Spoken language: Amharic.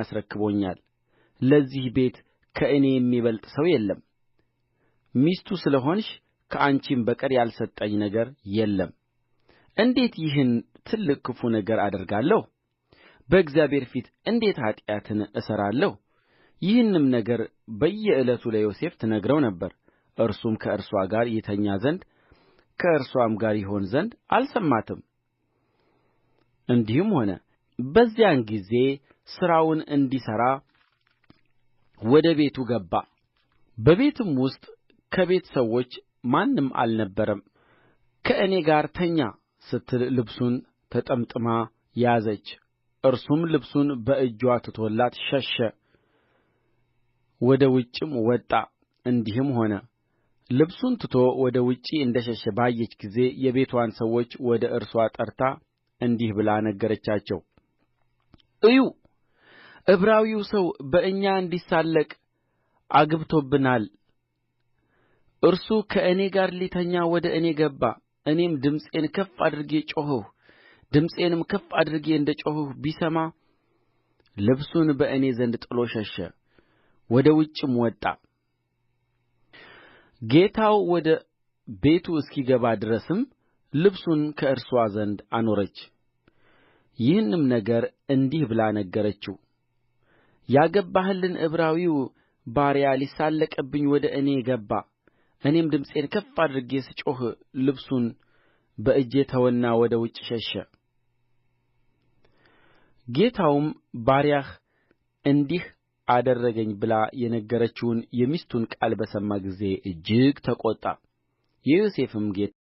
ያስረክቦኛል ለዚህ ቤት ከእኔ የሚበልጥ ሰው የለም ሚስቱ ስለ ሆንሽ ከአንቺም በቀር ያልሰጠኝ ነገር የለም እንዴት ይህን ትልቅ ክፉ ነገር አደርጋለሁ በእግዚአብሔር ፊት እንዴት ኃጢአትን እሠራለሁ ይህንም ነገር በየዕለቱ ለዮሴፍ ትነግረው ነበር እርሱም ከእርስዋ ጋር ይተኛ ዘንድ ከእርስዋም ጋር ይሆን ዘንድ አልሰማትም እንዲህም ሆነ በዚያን ጊዜ ሥራውን እንዲሠራ ወደ ቤቱ ገባ በቤትም ውስጥ ከቤት ሰዎች ማንም አልነበረም ከእኔ ጋር ተኛ ስትል ልብሱን ተጠምጥማ ያዘች እርሱም ልብሱን በእጇ ትቶላት ሸሸ ወደ ውጭም ወጣ እንዲህም ሆነ ልብሱን ትቶ ወደ ውጭ እንደ ሸሸ ባየች ጊዜ የቤትዋን ሰዎች ወደ እርሷ ጠርታ እንዲህ ብላ ነገረቻቸው እዩ ዕብራዊው ሰው በእኛ እንዲሳለቅ አግብቶብናል እርሱ ከእኔ ጋር ሊተኛ ወደ እኔ ገባ እኔም ድምፄን ከፍ አድርጌ ጮኽሁ ድምፄንም ከፍ አድርጌ እንደ ጮኽሁ ቢሰማ ልብሱን በእኔ ዘንድ ጥሎ ሸሸ ወደ ውጭም ወጣ ጌታው ወደ ቤቱ እስኪገባ ድረስም ልብሱን ከእርስዋ ዘንድ አኖረች። ይህንም ነገር እንዲህ ብላ ነገረችው፣ ያገባህልን ዕብራዊው ባሪያ ሊሳለቅብኝ ወደ እኔ ገባ እኔም ድምፄን ከፍ አድርጌ ስጮኽ ልብሱን በእጄ ተወና ወደ ውጭ ሸሸ ጌታውም ባሪያህ እንዲህ አደረገኝ ብላ የነገረችውን የሚስቱን ቃል በሰማ ጊዜ እጅግ ተቈጣ የዮሴፍም